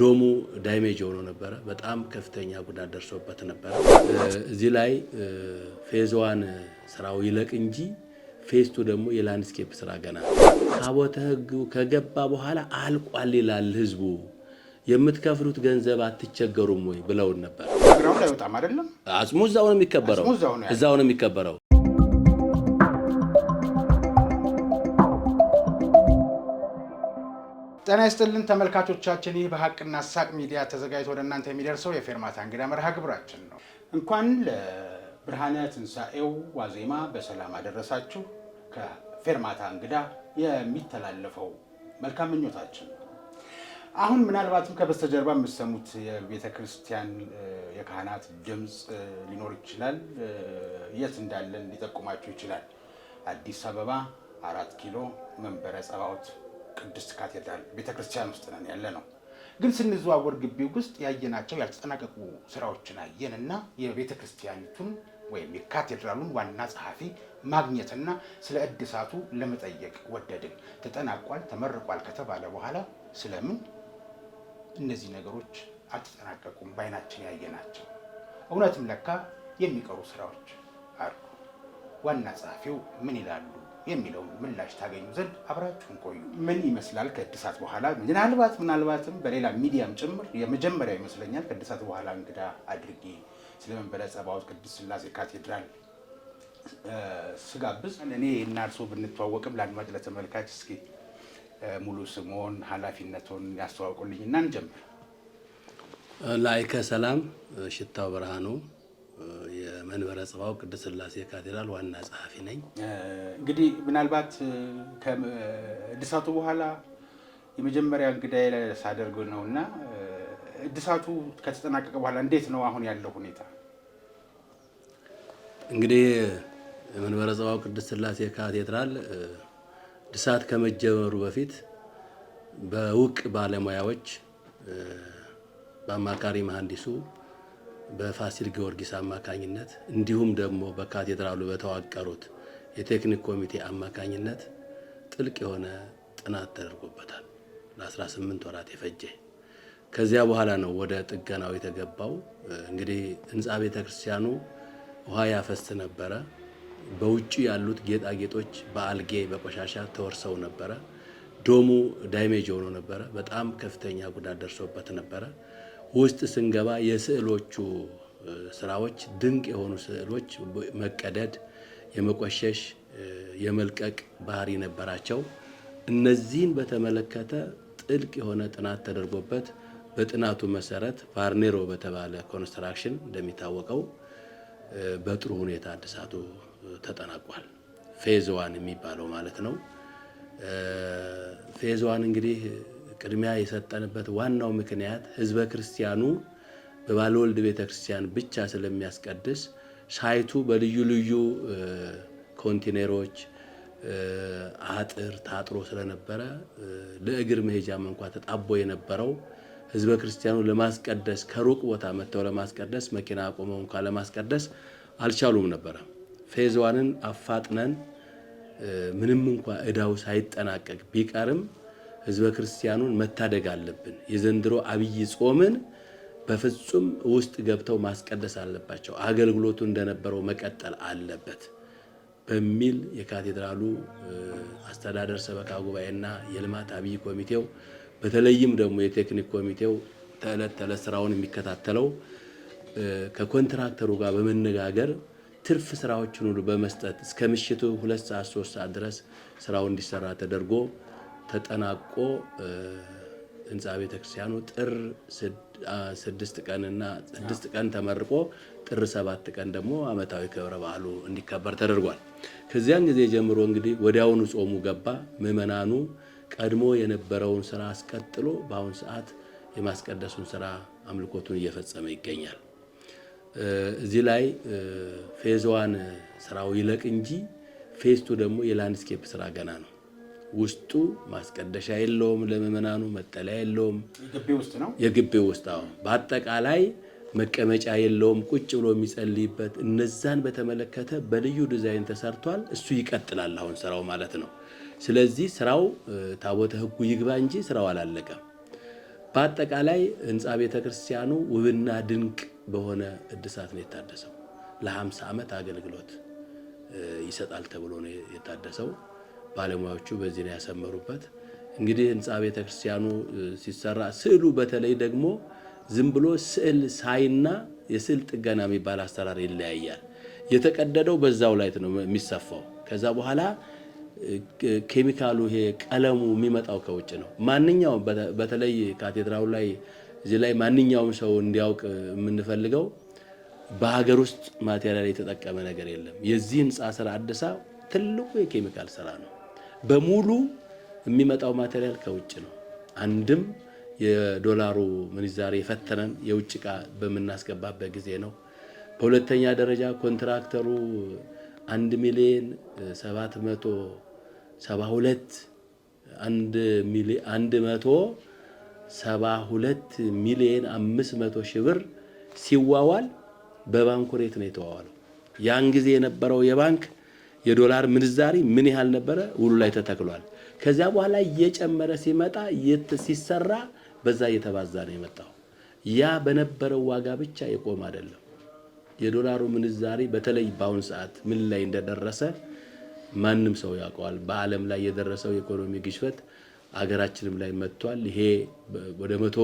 ዶሙ ዳይሜጅ ሆኖ ነበረ። በጣም ከፍተኛ ጉዳት ደርሶበት ነበረ። እዚህ ላይ ፌዝ ዋን ስራው ይለቅ እንጂ ፌስቱ ደግሞ የላንድስኬፕ ስራ ገና ታቦተ ህግ ከገባ በኋላ አልቋል ይላል ህዝቡ። የምትከፍሉት ገንዘብ አትቸገሩም ወይ ብለውን ነበር። አጽሙ እዛው ነው የሚከበረው፣ እዛው ነው የሚከበረው። ጤና ይስጥልን ተመልካቾቻችን፣ ይህ በሀቅና ሳቅ ሚዲያ ተዘጋጅቶ ወደ እናንተ የሚደርሰው የፌርማታ እንግዳ መርሃ ግብራችን ነው። እንኳን ለብርሃነ ትንሣኤው ዋዜማ በሰላም አደረሳችሁ። ከፌርማታ እንግዳ የሚተላለፈው መልካም ምኞታችን ነው። አሁን ምናልባትም ከበስተጀርባ የምትሰሙት የቤተ ክርስቲያን የካህናት ድምፅ ሊኖር ይችላል። የት እንዳለን ሊጠቁማችሁ ይችላል። አዲስ አበባ አራት ኪሎ መንበረ ጸባዖት ቅድስት ካቴድራል ቤተክርስቲያን ውስጥ ነን ያለ ነው። ግን ስንዘዋወር ግቢው ውስጥ ያየናቸው ያልተጠናቀቁ ስራዎችን አየንና ክርስቲያኒቱን ወይም የካቴድራሉን ዋና ጸሐፊ ማግኘትና ስለ እድሳቱ ለመጠየቅ ወደድን። ተጠናቋል፣ ተመርቋል ከተባለ በኋላ ስለምን እነዚህ ነገሮች አልተጠናቀቁም? በአይናችን ያየናቸው እውነትም ለካ የሚቀሩ ስራዎች አሉ። ዋና ጸሐፊው ምን ይላሉ የሚለው ምላሽ ታገኙ ዘንድ አብራችሁን ቆዩ። ምን ይመስላል ከእድሳት በኋላ? ምናልባት ምናልባትም በሌላ ሚዲያም ጭምር የመጀመሪያ ይመስለኛል ከእድሳት በኋላ እንግዳ አድርጌ ስለ መንበረ ጸባኦት ቅድስት ሥላሴ ካቴድራል ስጋብዝ እኔ እና እርሶ ብንተዋወቅም ለአድማጭ ለተመልካች እስኪ ሙሉ ስሞን ኃላፊነቱን እና እንጀምር። ላይከ ሰላም ሽታው ብርሃኑ የመንበረ ጽባው ቅድስት ስላሴ ካቴድራል ዋና ጸሐፊ ነኝ። እንግዲህ ምናልባት ከእድሳቱ በኋላ የመጀመሪያ እንግዳ ላይ ሳደርግ ነው እና እድሳቱ ከተጠናቀቀ በኋላ እንዴት ነው አሁን ያለው ሁኔታ? እንግዲህ የመንበረ ጽባው ቅድስት ስላሴ ካቴድራል እድሳት ከመጀመሩ በፊት በውቅ ባለሙያዎች በአማካሪ መሀንዲሱ በፋሲል ጊዮርጊስ አማካኝነት እንዲሁም ደግሞ በካቴድራሉ በተዋቀሩት የቴክኒክ ኮሚቴ አማካኝነት ጥልቅ የሆነ ጥናት ተደርጎበታል። ለ18 ወራት የፈጀ ከዚያ በኋላ ነው ወደ ጥገናው የተገባው። እንግዲህ ህንፃ ቤተ ክርስቲያኑ ውሃ ያፈስ ነበረ። በውጭ ያሉት ጌጣጌጦች በአልጌ በቆሻሻ ተወርሰው ነበረ። ዶሙ ዳይሜጅ ሆኖ ነበረ። በጣም ከፍተኛ ጉዳት ደርሶበት ነበረ። ውስጥ ስንገባ የስዕሎቹ ስራዎች ድንቅ የሆኑ ስዕሎች መቀደድ፣ የመቆሸሽ፣ የመልቀቅ ባህሪ ነበራቸው። እነዚህን በተመለከተ ጥልቅ የሆነ ጥናት ተደርጎበት በጥናቱ መሰረት ቫርኔሮ በተባለ ኮንስትራክሽን እንደሚታወቀው በጥሩ ሁኔታ እድሳቱ ተጠናቋል። ፌዝ ዋን የሚባለው ማለት ነው። ፌዝ ዋን እንግዲህ ቅድሚያ የሰጠንበት ዋናው ምክንያት ህዝበ ክርስቲያኑ በባለወልድ ቤተ ክርስቲያን ብቻ ስለሚያስቀድስ ሳይቱ በልዩ ልዩ ኮንቴነሮች አጥር ታጥሮ ስለነበረ ለእግር መሄጃም እንኳ ተጣቦ የነበረው ህዝበ ክርስቲያኑ ለማስቀደስ ከሩቅ ቦታ መጥተው ለማስቀደስ መኪና አቆመው እንኳ ለማስቀደስ አልቻሉም ነበረ። ፌዝዋንን አፋጥነን ምንም እንኳ እዳው ሳይጠናቀቅ ቢቀርም ህዝበ ክርስቲያኑን መታደግ አለብን። የዘንድሮ አብይ ጾምን በፍጹም ውስጥ ገብተው ማስቀደስ አለባቸው። አገልግሎቱ እንደነበረው መቀጠል አለበት በሚል የካቴድራሉ አስተዳደር ሰበካ ጉባኤና የልማት አብይ ኮሚቴው በተለይም ደግሞ የቴክኒክ ኮሚቴው ተዕለት ተዕለት ስራውን የሚከታተለው ከኮንትራክተሩ ጋር በመነጋገር ትርፍ ስራዎችን ሁሉ በመስጠት እስከ ምሽቱ ሁለት ሰዓት ሶስት ሰዓት ድረስ ስራው እንዲሰራ ተደርጎ ተጠናቆ ህንፃ ቤተክርስቲያኑ ጥር ስድስት ቀንና ስድስት ቀን ተመርቆ ጥር ሰባት ቀን ደግሞ ዓመታዊ ክብረ በዓሉ እንዲከበር ተደርጓል። ከዚያን ጊዜ ጀምሮ እንግዲህ ወዲያውኑ ጾሙ ገባ። ምዕመናኑ ቀድሞ የነበረውን ስራ አስቀጥሎ በአሁኑ ሰዓት የማስቀደሱን ስራ አምልኮቱን እየፈጸመ ይገኛል። እዚህ ላይ ፌዝ ዋን ስራው ይለቅ እንጂ ፌዝ ቱ ደግሞ የላንድስኬፕ ስራ ገና ነው። ውስጡ ማስቀደሻ የለውም፣ ለምእመናኑ መጠለያ የለውም። የግቢ ውስጥ ነው። በአጠቃላይ መቀመጫ የለውም፣ ቁጭ ብሎ የሚጸልይበት። እነዛን በተመለከተ በልዩ ዲዛይን ተሰርቷል። እሱ ይቀጥላል አሁን ስራው ማለት ነው። ስለዚህ ስራው ታቦተ ሕጉ ይግባ እንጂ ስራው አላለቀም። በአጠቃላይ ህንፃ ቤተክርስቲያኑ ውብና ድንቅ በሆነ እድሳት ነው የታደሰው። ለ50 ዓመት አገልግሎት ይሰጣል ተብሎ ነው የታደሰው። ባለሙያዎቹ በዚህ ነው ያሰመሩበት። እንግዲህ ህንፃ ቤተ ክርስቲያኑ ሲሰራ ስዕሉ በተለይ ደግሞ ዝም ብሎ ስዕል ሳይና የስዕል ጥገና የሚባል አሰራር ይለያያል። የተቀደደው በዛው ላይ ነው የሚሰፋው። ከዛ በኋላ ኬሚካሉ ይሄ ቀለሙ የሚመጣው ከውጭ ነው። ማንኛውም በተለይ ካቴድራሉ ላይ እዚህ ላይ ማንኛውም ሰው እንዲያውቅ የምንፈልገው በሀገር ውስጥ ማቴሪያል የተጠቀመ ነገር የለም። የዚህ ህንፃ ስራ አደሳ ትልቁ የኬሚካል ስራ ነው። በሙሉ የሚመጣው ማቴሪያል ከውጭ ነው። አንድም የዶላሩ ምንዛሬ የፈተነን የውጭ እቃ በምናስገባበት ጊዜ ነው። በሁለተኛ ደረጃ ኮንትራክተሩ አንድ ሚሊዮን ሰባት መቶ ሰባ ሁለት አንድ መቶ ሰባ ሁለት ሚሊዮን አምስት መቶ ሺህ ብር ሲዋዋል በባንኩ ሬት ነው የተዋዋለው። ያን ጊዜ የነበረው የባንክ የዶላር ምንዛሪ ምን ያህል ነበረ ውሉ ላይ ተተክሏል። ከዚያ በኋላ እየጨመረ ሲመጣ ሲሰራ በዛ እየተባዛ ነው የመጣው። ያ በነበረው ዋጋ ብቻ የቆመ አይደለም። የዶላሩ ምንዛሪ በተለይ በአሁኑ ሰዓት ምን ላይ እንደደረሰ ማንም ሰው ያውቀዋል። በዓለም ላይ የደረሰው የኢኮኖሚ ግሽበት አገራችንም ላይ መጥቷል። ይሄ ወደ መቶ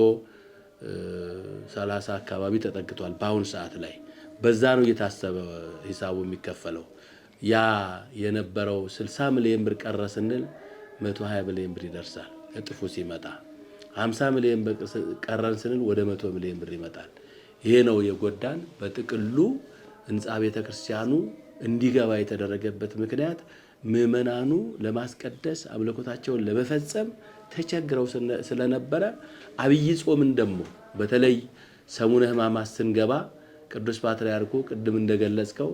ሰላሳ አካባቢ ተጠግቷል። በአሁኑ ሰዓት ላይ በዛ ነው እየታሰበ ሂሳቡ የሚከፈለው። ያ የነበረው 60 ሚሊዮን ብር ቀረ ስንል 120 ሚሊዮን ብር ይደርሳል። እጥፉ ሲመጣ 50 ሚሊዮን ብር ቀረን ስንል ወደ 100 ሚሊዮን ብር ይመጣል። ይሄ ነው የጎዳን። በጥቅሉ ህንፃ ቤተ ክርስቲያኑ እንዲገባ የተደረገበት ምክንያት ምዕመናኑ ለማስቀደስ አምልኮታቸውን ለመፈጸም ተቸግረው ስለነበረ አብይ ጾምን ደግሞ በተለይ ሰሙነ ህማማት ስንገባ ቅዱስ ፓትርያርኩ ቅድም እንደገለጽከው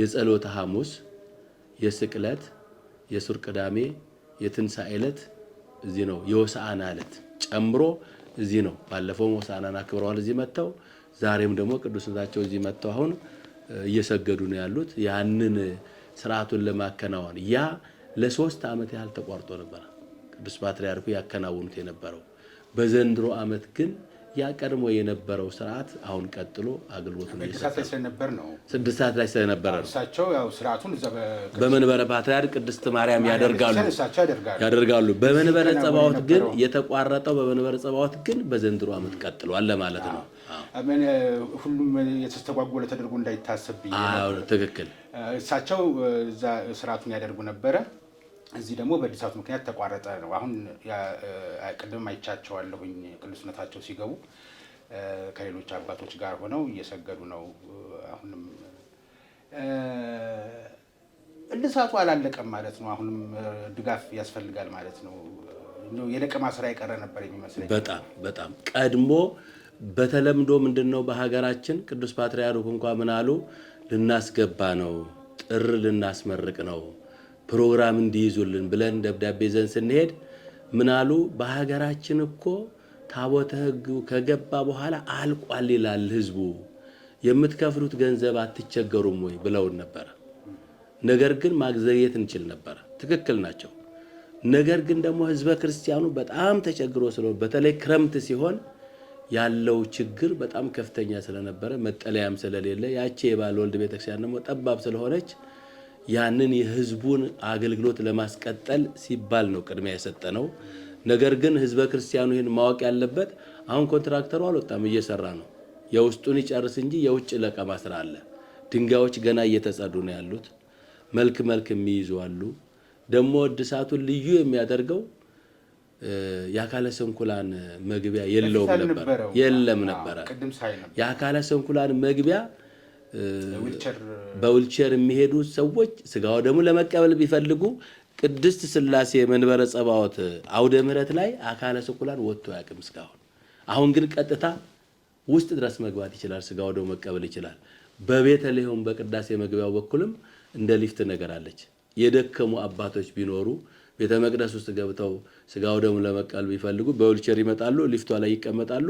የጸሎተ ሐሙስ፣ የስቅለት፣ የሱር ቅዳሜ፣ የትንሣኤ ዕለት እዚህ ነው። የወሳአና ዕለት ጨምሮ እዚህ ነው። ባለፈውም ሆሳዕናን አክብረዋል እዚህ መጥተው፣ ዛሬም ደግሞ ቅዱስነታቸው እዚህ መጥተው አሁን እየሰገዱ ነው ያሉት። ያንን ስርዓቱን ለማከናወን ያ ለሶስት ዓመት ያህል ተቋርጦ ነበር ቅዱስ ፓትርያርኩ ያከናውኑት የነበረው። በዘንድሮ ዓመት ግን ያ ቀድሞ የነበረው ስርዓት አሁን ቀጥሎ አገልግሎቱን ስድስት ሰዓት ላይ ስለነበረ ነው። በመንበረ ፓትርያርክ ቅድስት ማርያም ያደርጋሉ። በመንበረ ጸባዖት ግን የተቋረጠው በመንበረ ጸባዖት ግን በዘንድሮ ዓመት ቀጥሏል ለማለት ነው። ሁሉም የተስተጓጎለ ተደርጎ እንዳይታሰብ ትክክል። እሳቸው ስርዓቱን ያደርጉ ነበረ። እዚህ ደግሞ በእድሳቱ ምክንያት ተቋረጠ ነው። አሁን ቅድም አይቻቸዋለሁኝ ቅዱስነታቸው ሲገቡ ከሌሎች አባቶች ጋር ሆነው እየሰገዱ ነው። አሁንም እድሳቱ አላለቀም ማለት ነው። አሁንም ድጋፍ ያስፈልጋል ማለት ነው። የለቀማ ስራ የቀረ ነበር የሚመስለኝ። በጣም በጣም ቀድሞ በተለምዶ ምንድን ነው በሀገራችን ቅዱስ ፓትርያርኩ እንኳ ምን አሉ? ልናስገባ ነው፣ ጥር ልናስመርቅ ነው ፕሮግራም እንዲይዙልን ብለን ደብዳቤ ይዘን ስንሄድ ምናሉ በሀገራችን እኮ ታቦተ ሕጉ ከገባ በኋላ አልቋል ይላል ህዝቡ፣ የምትከፍሉት ገንዘብ አትቸገሩም ወይ ብለውን ነበረ። ነገር ግን ማግዘየት እንችል ነበረ። ትክክል ናቸው። ነገር ግን ደግሞ ህዝበ ክርስቲያኑ በጣም ተቸግሮ ስለሆነ በተለይ ክረምት ሲሆን ያለው ችግር በጣም ከፍተኛ ስለነበረ መጠለያም ስለሌለ ያቺ የባለ ወልድ ቤተክርስቲያን ደግሞ ጠባብ ስለሆነች ያንን የህዝቡን አገልግሎት ለማስቀጠል ሲባል ነው ቅድሚያ የሰጠ ነው። ነገር ግን ህዝበ ክርስቲያኑ ይህን ማወቅ ያለበት አሁን ኮንትራክተሩ አልወጣም፣ እየሰራ ነው። የውስጡን ይጨርስ እንጂ የውጭ ለቀማ ስራ አለ። ድንጋዮች ገና እየተጸዱ ነው ያሉት። መልክ መልክ የሚይዙ አሉ። ደግሞ እድሳቱን ልዩ የሚያደርገው የአካለ ስንኩላን መግቢያ የለውም ነበር የለም ነበረ የአካለ ስንኩላን መግቢያ በዊልቸር የሚሄዱ ሰዎች ስጋው ደግሞ ለመቀበል ቢፈልጉ ቅድስት ስላሴ መንበረ ጸባዖት አውደ ምሕረት ላይ አካለ ስኩላን ወጥቶ ያቅም እስካሁን። አሁን ግን ቀጥታ ውስጥ ድረስ መግባት ይችላል፣ ስጋው ደግሞ መቀበል ይችላል። በቤተልሔም በቅዳሴ መግቢያው በኩልም እንደ ሊፍት ነገር አለች። የደከሙ አባቶች ቢኖሩ ቤተ መቅደስ ውስጥ ገብተው ስጋው ደግሞ ለመቀበል ቢፈልጉ በዊልቸር ይመጣሉ፣ ሊፍቷ ላይ ይቀመጣሉ፣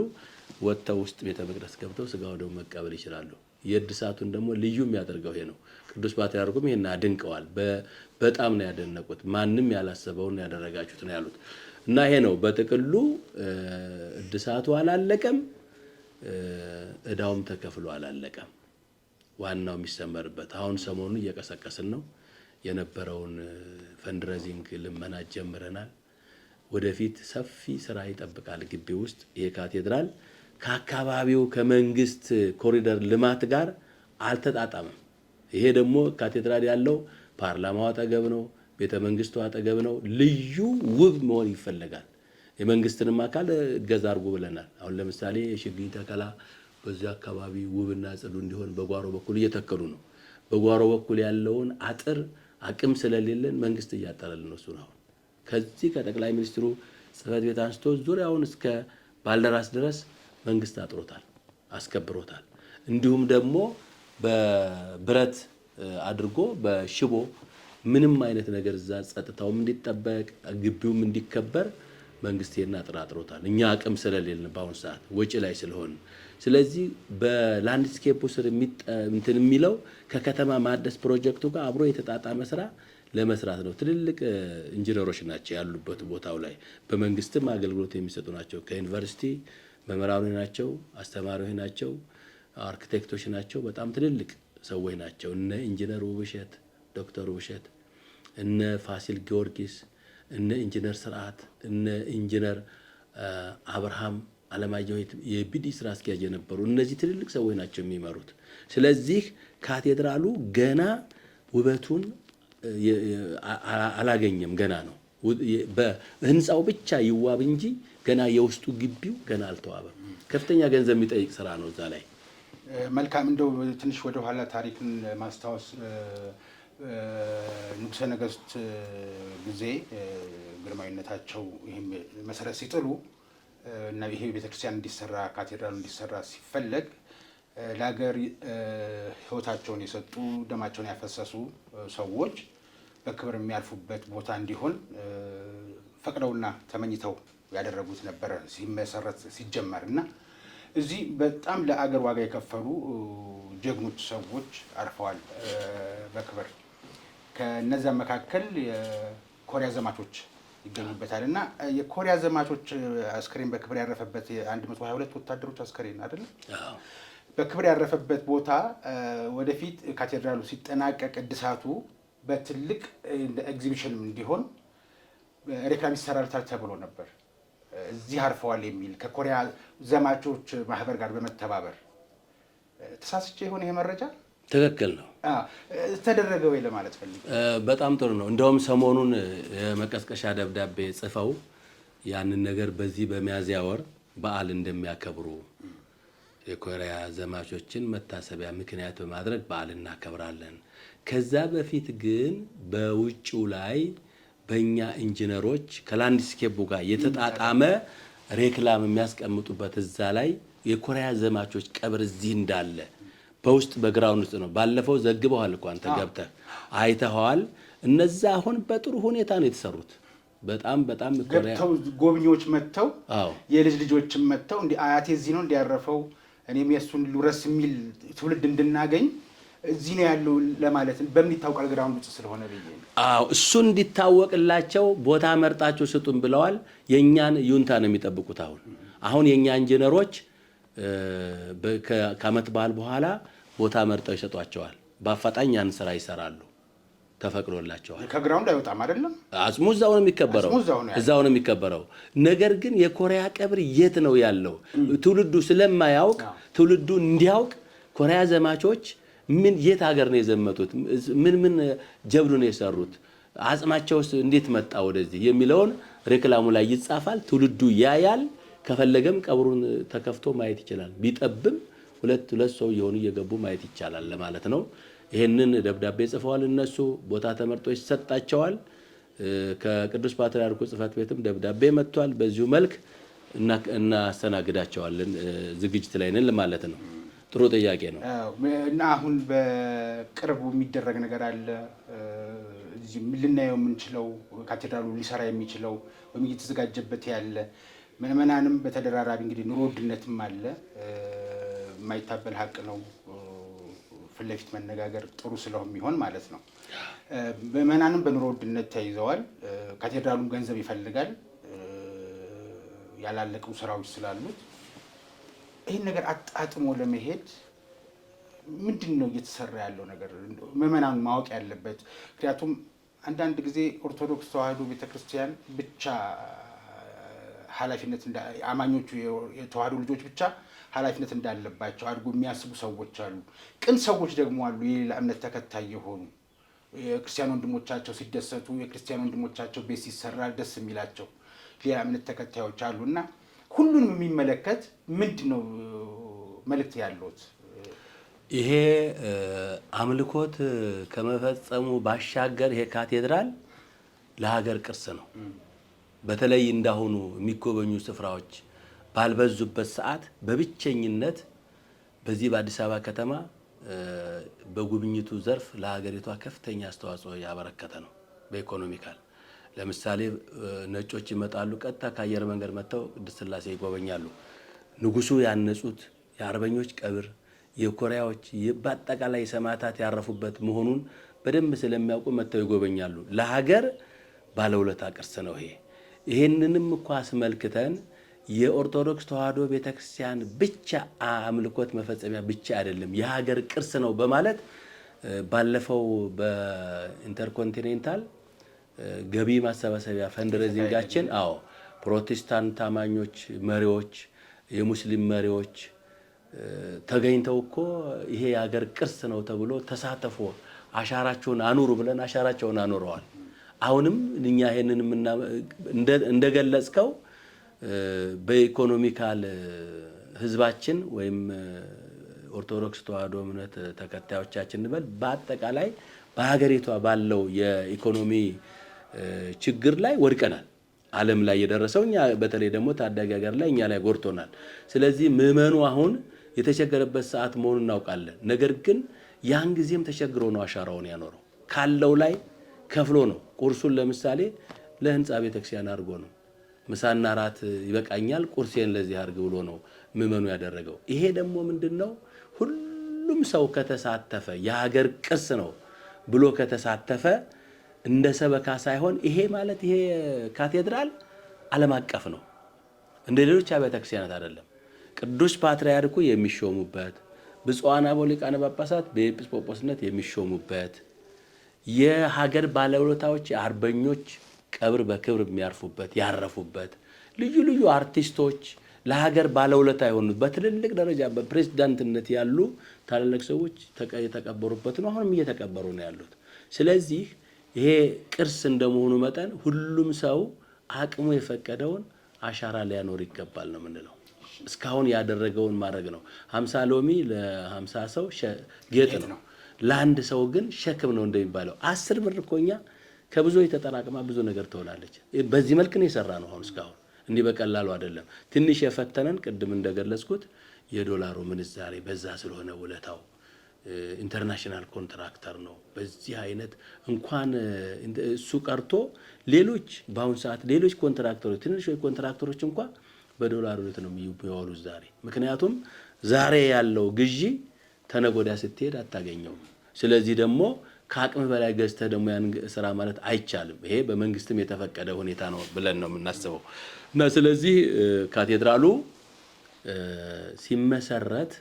ወጥተው ውስጥ ቤተ መቅደስ ገብተው ስጋው ደግሞ መቀበል ይችላሉ። የእድሳቱን ደግሞ ልዩ የሚያደርገው ይሄ ነው። ቅዱስ ፓትርያርኩም ይሄን አድንቀዋል። በጣም ነው ያደነቁት። ማንም ያላሰበውን ያደረጋችሁት ነው ያሉት እና ይሄ ነው በጥቅሉ እድሳቱ አላለቀም፣ እዳውም ተከፍሎ አላለቀም። ዋናው የሚሰመርበት አሁን ሰሞኑ እየቀሰቀስን ነው የነበረውን ፈንድረዚንግ ልመናት ጀምረናል። ወደፊት ሰፊ ስራ ይጠብቃል ግቢ ውስጥ ይሄ ካቴድራል ከአካባቢው ከመንግስት ኮሪደር ልማት ጋር አልተጣጣምም። ይሄ ደግሞ ካቴድራል ያለው ፓርላማው አጠገብ ነው፣ ቤተ መንግስቱ አጠገብ ነው። ልዩ ውብ መሆን ይፈለጋል። የመንግስትንም አካል እገዛ አርጎ ብለናል። አሁን ለምሳሌ የችግኝ ተከላ በዚህ አካባቢ ውብና ጽዱ እንዲሆን በጓሮ በኩል እየተከሉ ነው። በጓሮ በኩል ያለውን አጥር አቅም ስለሌለን መንግስት እያጠረልን ነው። እሱን አሁን ከዚህ ከጠቅላይ ሚኒስትሩ ጽህፈት ቤት አንስቶ ዙሪያውን እስከ ባልደራስ ድረስ መንግስት አጥሮታል፣ አስከብሮታል። እንዲሁም ደግሞ በብረት አድርጎ በሽቦ ምንም አይነት ነገር እዛ ጸጥታውም እንዲጠበቅ ግቢውም እንዲከበር መንግስት ይሄን አጥራጥሮታል። እኛ አቅም ስለሌለን በአሁኑ ሰዓት ወጪ ላይ ስለሆን፣ ስለዚህ በላንድስኬፕ ስር እንትን የሚለው ከከተማ ማደስ ፕሮጀክቱ ጋር አብሮ የተጣጣመ ስራ ለመስራት ነው። ትልልቅ ኢንጂነሮች ናቸው ያሉበት ቦታው ላይ በመንግስትም አገልግሎት የሚሰጡ ናቸው ከዩኒቨርሲቲ መምህራኖች ናቸው፣ አስተማሪዎች ናቸው፣ አርክቴክቶች ናቸው። በጣም ትልልቅ ሰዎች ናቸው። እነ ኢንጂነር ውብሸት ዶክተር ውብሸት እነ ፋሲል ጊዮርጊስ እነ ኢንጂነር ስርዓት እነ ኢንጂነር አብርሃም አለማየሁ የቢዲ ስራ አስኪያጅ የነበሩ እነዚህ ትልልቅ ሰዎች ናቸው የሚመሩት። ስለዚህ ካቴድራሉ ገና ውበቱን አላገኘም፣ ገና ነው። በህንፃው ብቻ ይዋብ እንጂ ገና የውስጡ ግቢው ገና አልተዋበም። ከፍተኛ ገንዘብ የሚጠይቅ ስራ ነው እዛ ላይ። መልካም እንደው ትንሽ ወደኋላ ታሪክን ማስታወስ ንጉሰ ነገስት ጊዜ ግርማዊነታቸው ይህም መሰረት ሲጥሉ እና ይሄ ቤተክርስቲያን እንዲሰራ ካቴድራሉ እንዲሰራ ሲፈለግ ለሀገር ህይወታቸውን የሰጡ ደማቸውን ያፈሰሱ ሰዎች በክብር የሚያልፉበት ቦታ እንዲሆን ፈቅደውና ተመኝተው ያደረጉት ነበረ ሲመሰረት ሲጀመር እና እዚህ በጣም ለአገር ዋጋ የከፈሉ ጀግኖች ሰዎች አርፈዋል በክብር ከነዚያ መካከል የኮሪያ ዘማቾች ይገኙበታል እና የኮሪያ ዘማቾች አስክሬን በክብር ያረፈበት 122 ወታደሮች አስክሬን አይደለም በክብር ያረፈበት ቦታ ወደፊት ካቴድራሉ ሲጠናቀቅ እድሳቱ በትልቅ ኤግዚቢሽን እንዲሆን ሬክላም ይሰራል ተብሎ ነበር። እዚህ አርፈዋል የሚል ከኮሪያ ዘማቾች ማህበር ጋር በመተባበር ተሳስቼ የሆነ ይሄ መረጃ ትክክል ነው ተደረገ ወይ ለማለት ፈልግ። በጣም ጥሩ ነው። እንደውም ሰሞኑን የመቀስቀሻ ደብዳቤ ጽፈው ያንን ነገር በዚህ በሚያዝያ ወር በዓል እንደሚያከብሩ የኮሪያ ዘማቾችን መታሰቢያ ምክንያት በማድረግ በዓል እናከብራለን ከዛ በፊት ግን በውጭው ላይ በእኛ ኢንጂነሮች ከላንድስኬፑ ጋር የተጣጣመ ሬክላም የሚያስቀምጡበት እዛ ላይ የኮሪያ ዘማቾች ቀብር እዚህ እንዳለ በውስጥ በግራውንድ ውስጥ ነው። ባለፈው ዘግበዋል እኮ አንተ ገብተህ አይተኸዋል። እነዛ አሁን በጥሩ ሁኔታ ነው የተሰሩት። በጣም በጣም ገብተው ጎብኚዎች መጥተው የልጅ ልጆችም መጥተው እንዲህ አያቴ እዚህ ነው እንዲያረፈው እኔም የእሱን ልውረስ የሚል ትውልድ እንድናገኝ እዚህ ነው ያለው ለማለት በምን ይታወቃል? ግራውንድ ውጭ ስለሆነ ብዬ አዎ፣ እሱ እንዲታወቅላቸው ቦታ መርጣቸው ስጡን ብለዋል። የእኛን ዩንታ ነው የሚጠብቁት። አሁን አሁን የእኛ ኢንጂነሮች ከአመት በዓል በኋላ ቦታ መርጠው ይሰጧቸዋል። በአፋጣኝ ያን ስራ ይሰራሉ፣ ተፈቅዶላቸዋል። ከግራውንድ አይወጣም አይደለም፣ አጽሙ እዛው ነው የሚከበረው፣ እዛው ነው የሚከበረው። ነገር ግን የኮሪያ ቀብር የት ነው ያለው ትውልዱ ስለማያውቅ ትውልዱ እንዲያውቅ ኮሪያ ዘማቾች ምን የት ሀገር ነው የዘመቱት? ምን ምን ጀብዱ ነው የሰሩት? አጽማቸውስ እንዴት መጣ ወደዚህ የሚለውን ሬክላሙ ላይ ይጻፋል። ትውልዱ ያያል። ከፈለገም ቀብሩን ተከፍቶ ማየት ይችላል። ቢጠብም ሁለት ሁለት ሰው የሆኑ እየገቡ ማየት ይቻላል ለማለት ነው። ይህንን ደብዳቤ ጽፈዋል። እነሱ ቦታ ተመርጦ ይሰጣቸዋል። ከቅዱስ ፓትርያርኩ ጽፈት ቤትም ደብዳቤ መጥቷል። በዚሁ መልክ እናስተናግዳቸዋለን። ዝግጅት ላይ ነን ለማለት ነው። ጥሩ ጥያቄ ነው እና አሁን በቅርቡ የሚደረግ ነገር አለ። እዚህ ልናየው የምንችለው ካቴድራሉ ሊሰራ የሚችለው ወይም እየተዘጋጀበት ያለ ምዕመናንም በተደራራቢ እንግዲህ ኑሮ ውድነትም አለ፣ የማይታበል ሀቅ ነው። ፊት ለፊት መነጋገር ጥሩ ስለሆነ የሚሆን ማለት ነው። ምዕመናንም በኑሮ ውድነት ተይዘዋል። ካቴድራሉም ገንዘብ ይፈልጋል፣ ያላለቁ ስራዎች ስላሉት ይህን ነገር አጣጥሞ ለመሄድ ምንድን ነው እየተሰራ ያለው ነገር ምዕመናን ማወቅ ያለበት። ምክንያቱም አንዳንድ ጊዜ ኦርቶዶክስ ተዋህዶ ቤተክርስቲያን ብቻ ኃላፊነት አማኞቹ የተዋህዶ ልጆች ብቻ ኃላፊነት እንዳለባቸው አድጎ የሚያስቡ ሰዎች አሉ። ቅን ሰዎች ደግሞ አሉ፣ የሌላ እምነት ተከታይ የሆኑ የክርስቲያን ወንድሞቻቸው ሲደሰቱ፣ የክርስቲያን ወንድሞቻቸው ቤት ሲሰራ ደስ የሚላቸው ሌላ እምነት ተከታዮች አሉ እና ሁሉንም የሚመለከት ምንድን ነው መልእክት ያለት? ይሄ አምልኮት ከመፈጸሙ ባሻገር ይሄ ካቴድራል ለሀገር ቅርስ ነው። በተለይ እንዳሁኑ የሚጎበኙ ስፍራዎች ባልበዙበት ሰዓት በብቸኝነት በዚህ በአዲስ አበባ ከተማ በጉብኝቱ ዘርፍ ለሀገሪቷ ከፍተኛ አስተዋጽኦ ያበረከተ ነው በኢኮኖሚካል ለምሳሌ ነጮች ይመጣሉ። ቀጥታ ከአየር መንገድ መጥተው ቅድስት ስላሴ ይጎበኛሉ። ንጉሱ ያነጹት የአርበኞች ቀብር፣ የኮሪያዎች በአጠቃላይ ሰማዕታት ያረፉበት መሆኑን በደንብ ስለሚያውቁ መጥተው ይጎበኛሉ። ለሀገር ባለውለታ ቅርስ ነው ይሄ። ይህንንም እኳ አስመልክተን የኦርቶዶክስ ተዋሕዶ ቤተክርስቲያን ብቻ አምልኮት መፈጸሚያ ብቻ አይደለም፣ የሀገር ቅርስ ነው በማለት ባለፈው በኢንተርኮንቲኔንታል ገቢ ማሰባሰቢያ ፈንድሬዚንጋችን፣ አዎ ፕሮቴስታንት አማኞች መሪዎች፣ የሙስሊም መሪዎች ተገኝተው እኮ ይሄ የሀገር ቅርስ ነው ተብሎ ተሳተፎ አሻራቸውን አኑሩ ብለን አሻራቸውን አኑረዋል። አሁንም እኛ ይሄንን እንደገለጽከው በኢኮኖሚካል ህዝባችን ወይም ኦርቶዶክስ ተዋህዶ እምነት ተከታዮቻችን እንበል በአጠቃላይ በሀገሪቷ ባለው የኢኮኖሚ ችግር ላይ ወድቀናል። ዓለም ላይ የደረሰው እኛ በተለይ ደግሞ ታዳጊ ሀገር ላይ እኛ ላይ ጎድቶናል። ስለዚህ ምዕመኑ አሁን የተቸገረበት ሰዓት መሆኑን እናውቃለን። ነገር ግን ያን ጊዜም ተቸግሮ ነው አሻራውን ያኖረው። ካለው ላይ ከፍሎ ነው። ቁርሱን ለምሳሌ ለህንፃ ቤተክርስቲያን አድርጎ ነው። ምሳና ራት ይበቃኛል፣ ቁርሴን ለዚህ አድርግ ብሎ ነው ምዕመኑ ያደረገው። ይሄ ደግሞ ምንድን ነው? ሁሉም ሰው ከተሳተፈ የሀገር ቅርስ ነው ብሎ ከተሳተፈ እንደ ሰበካ ሳይሆን ይሄ ማለት ይሄ ካቴድራል ዓለም አቀፍ ነው፣ እንደ ሌሎች አብያተ ክርስቲያናት አይደለም። ቅዱስ ፓትርያርኩ የሚሾሙበት፣ ብፁዓን አበው ሊቃነ ጳጳሳት በኤጲስ የሚሾሙበት፣ የሀገር ባለውለታዎች የአርበኞች ቀብር በክብር የሚያርፉበት ያረፉበት፣ ልዩ ልዩ አርቲስቶች ለሀገር ባለውለታ የሆኑት በትልልቅ ደረጃ በፕሬዚዳንትነት ያሉ ታላላቅ ሰዎች የተቀበሩበት ነው። አሁንም እየተቀበሩ ነው ያሉት። ስለዚህ ይሄ ቅርስ እንደመሆኑ መጠን ሁሉም ሰው አቅሙ የፈቀደውን አሻራ ሊያኖር ይገባል ነው የምንለው። እስካሁን ያደረገውን ማድረግ ነው። ሀምሳ ሎሚ ለሀምሳ ሰው ጌጥ ነው፣ ለአንድ ሰው ግን ሸክም ነው እንደሚባለው። አስር ብር እኮ እኛ ከብዙ የተጠራቅማ ብዙ ነገር ትሆናለች። በዚህ መልክ ነው የሰራ ነው አሁን እስካሁን እንዲህ በቀላሉ አይደለም። ትንሽ የፈተነን ቅድም እንደገለጽኩት የዶላሩ ምንዛሬ በዛ ስለሆነ ውለታው ኢንተርናሽናል ኮንትራክተር ነው። በዚህ አይነት እንኳን እሱ ቀርቶ ሌሎች በአሁኑ ሰዓት ሌሎች ኮንትራክተሮች ትንሽ ኮንትራክተሮች እንኳ በዶላር ቤት ነው የሚዋሉት ዛሬ። ምክንያቱም ዛሬ ያለው ግዢ ተነጎዳ ስትሄድ አታገኘውም። ስለዚህ ደግሞ ከአቅም በላይ ገዝተህ ደግሞ ያን ስራ ማለት አይቻልም። ይሄ በመንግስትም የተፈቀደ ሁኔታ ነው ብለን ነው የምናስበው እና ስለዚህ ካቴድራሉ ሲመሰረት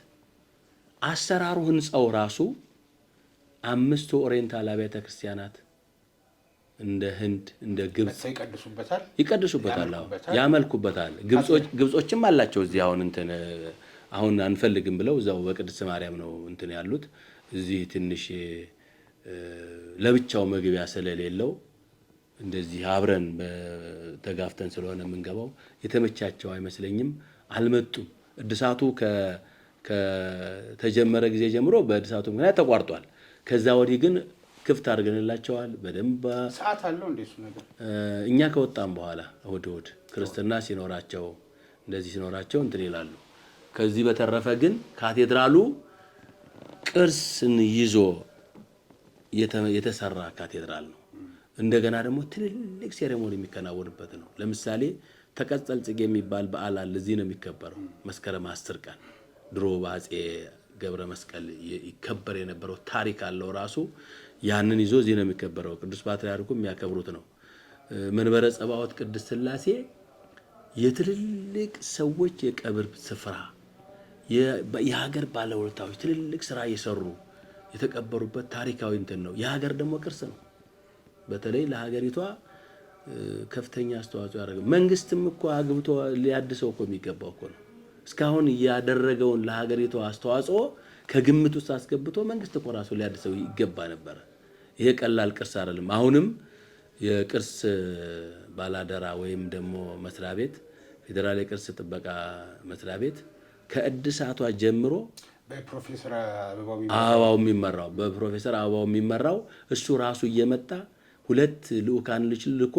አሰራሩ ህንፃው ራሱ አምስቱ ኦሪየንታል አብያተ ክርስቲያናት እንደ ህንድ እንደ ግብፅ ይቀድሱበታል ይቀድሱበታል፣ ያመልኩበታል። ግብጾችም አላቸው እዚህ አሁን እንትን አሁን አንፈልግም ብለው እዛው በቅድስት ማርያም ነው እንትን ያሉት። እዚህ ትንሽ ለብቻው መግቢያ ስለሌለው እንደዚህ አብረን ተጋፍተን ስለሆነ የምንገባው የተመቻቸው አይመስለኝም። አልመጡም። እድሳቱ ከ ከተጀመረ ጊዜ ጀምሮ በእድሳቱ ምክንያት ተቋርጧል። ከዛ ወዲህ ግን ክፍት አድርገንላቸዋል። በደንብ ሰዓት አለው እንደሱ ነገር እኛ ከወጣም በኋላ እሁድ እሑድ ክርስትና ሲኖራቸው እንደዚህ ሲኖራቸው እንትን ይላሉ። ከዚህ በተረፈ ግን ካቴድራሉ ቅርስን ይዞ የተሰራ ካቴድራል ነው። እንደገና ደግሞ ትልልቅ ሴሬሞኒ የሚከናወንበት ነው። ለምሳሌ ተቀጸል ጽጌ የሚባል በዓል አለ። እዚህ ነው የሚከበረው መስከረም አስር ቀን ድሮ በአፄ ገብረ መስቀል ይከበር የነበረው ታሪክ አለው ራሱ ያንን ይዞ እዚህ ነው የሚከበረው። ቅዱስ ፓትርያርኩ የሚያከብሩት ነው። መንበረ ጸባዖት ቅድስት ስላሴ የትልልቅ ሰዎች የቀብር ስፍራ፣ የሀገር ባለውለታዎች ትልልቅ ስራ እየሰሩ የተቀበሩበት ታሪካዊ እንትን ነው። የሀገር ደግሞ ቅርስ ነው። በተለይ ለሀገሪቷ ከፍተኛ አስተዋጽኦ ያደረገ መንግስትም እኮ አግብቶ ሊያድሰው እኮ የሚገባው እኮ ነው። እስካሁን ያደረገውን ለሀገሪቱ አስተዋጽኦ ከግምት ውስጥ አስገብቶ መንግስት እኮ ራሱ ሊያድሰው ይገባ ነበር። ይሄ ቀላል ቅርስ አይደለም። አሁንም የቅርስ ባላደራ ወይም ደግሞ መስሪያ ቤት ፌዴራል የቅርስ ጥበቃ መስሪያ ቤት ከእድሳቷ ጀምሮ በፕሮፌሰር አበባው የሚመራው በፕሮፌሰር አበባው የሚመራው እሱ ራሱ እየመጣ ሁለት ልኡካን ልጅ ልኮ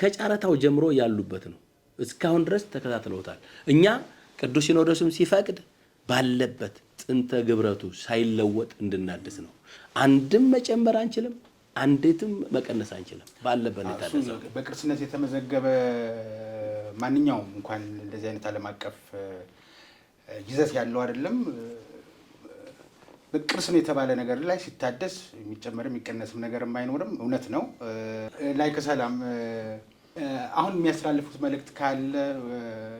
ከጨረታው ጀምሮ ያሉበት ነው። እስካሁን ድረስ ተከታትለውታል እኛ ቅዱስ ሲኖዶስም ሲፈቅድ ባለበት ጥንተ ግብረቱ ሳይለወጥ እንድናድስ ነው። አንድም መጨመር አንችልም፣ አንዴትም መቀነስ አንችልም። ባለበት በቅርስነት የተመዘገበ ማንኛውም እንኳን እንደዚህ አይነት ዓለም አቀፍ ይዘት ያለው አይደለም ቅርስ ነው የተባለ ነገር ላይ ሲታደስ የሚጨመርም የሚቀነስም ነገር አይኖርም። እውነት ነው። ላይ ከሰላም አሁን የሚያስተላልፉት መልእክት ካለ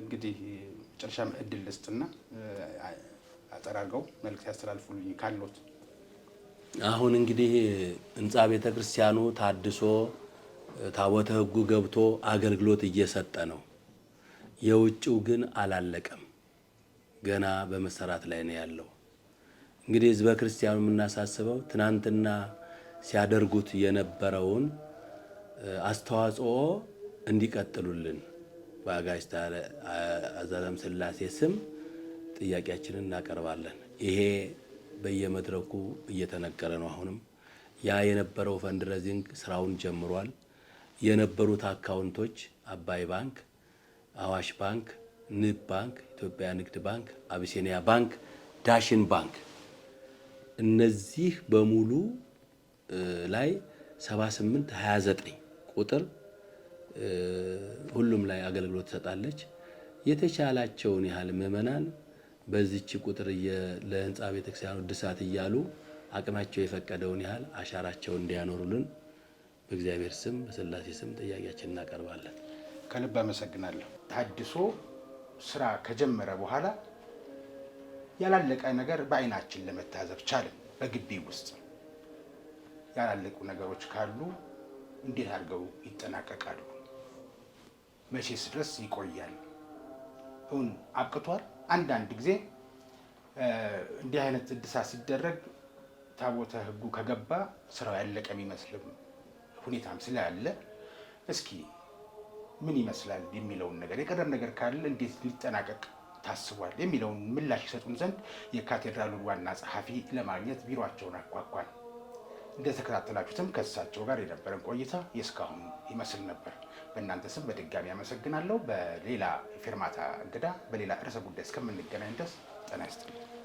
እንግዲህ መጨረሻም እድል ልስጥና አጠራርገው መልእክት ያስተላልፉልኝ ካሎት። አሁን እንግዲህ ህንፃ ቤተ ክርስቲያኑ ታድሶ ታቦተ ህጉ ገብቶ አገልግሎት እየሰጠ ነው። የውጭው ግን አላለቀም፣ ገና በመሰራት ላይ ነው ያለው። እንግዲህ ህዝበ ክርስቲያኑ የምናሳስበው ትናንትና ሲያደርጉት የነበረውን አስተዋጽኦ እንዲቀጥሉልን በአጋዕዝተ ስላሴ ስም ጥያቄያችንን እናቀርባለን። ይሄ በየመድረኩ እየተነገረ ነው። አሁንም ያ የነበረው ፈንድረዚንግ ስራውን ጀምሯል። የነበሩት አካውንቶች አባይ ባንክ፣ አዋሽ ባንክ፣ ንብ ባንክ፣ ኢትዮጵያ ንግድ ባንክ፣ አቢሲኒያ ባንክ፣ ዳሽን ባንክ እነዚህ በሙሉ ላይ 7829 ቁጥር ሁሉም ላይ አገልግሎት ትሰጣለች። የተቻላቸውን ያህል ምእመናን በዚች ቁጥር ለህንፃ ቤተክርስቲያኑ እድሳት እያሉ አቅማቸው የፈቀደውን ያህል አሻራቸውን እንዲያኖሩልን በእግዚአብሔር ስም በስላሴ ስም ጥያቄያችን እናቀርባለን። ከልብ አመሰግናለሁ። ታድሶ ስራ ከጀመረ በኋላ ያላለቀ ነገር በአይናችን ለመታዘብ ቻልን። በግቢ ውስጥ ያላለቁ ነገሮች ካሉ እንዴት አድርገው ይጠናቀቃሉ? መቼስ ድረስ ይቆያል? እውን አብቅቷል? አንዳንድ ጊዜ እንዲህ አይነት እድሳት ሲደረግ ታቦተ ሕጉ ከገባ ስራው ያለቀ የሚመስልም ሁኔታም ስላለ እስኪ ምን ይመስላል የሚለውን ነገር የቀደም ነገር ካለ እንዴት ሊጠናቀቅ ታስቧል የሚለውን ምላሽ ይሰጡን ዘንድ የካቴድራሉን ዋና ጸሐፊ ለማግኘት ቢሮአቸውን አኳኳል። እንደተከታተላችሁትም ከእሳቸው ጋር የነበረን ቆይታ የእስካሁን ይመስል ነበር። በእናንተ ስም በድጋሚ አመሰግናለሁ። በሌላ ፌርማታ እንግዳ፣ በሌላ ርዕሰ ጉዳይ እስከምንገናኝ ድረስ ጤና ይስጥልኝ።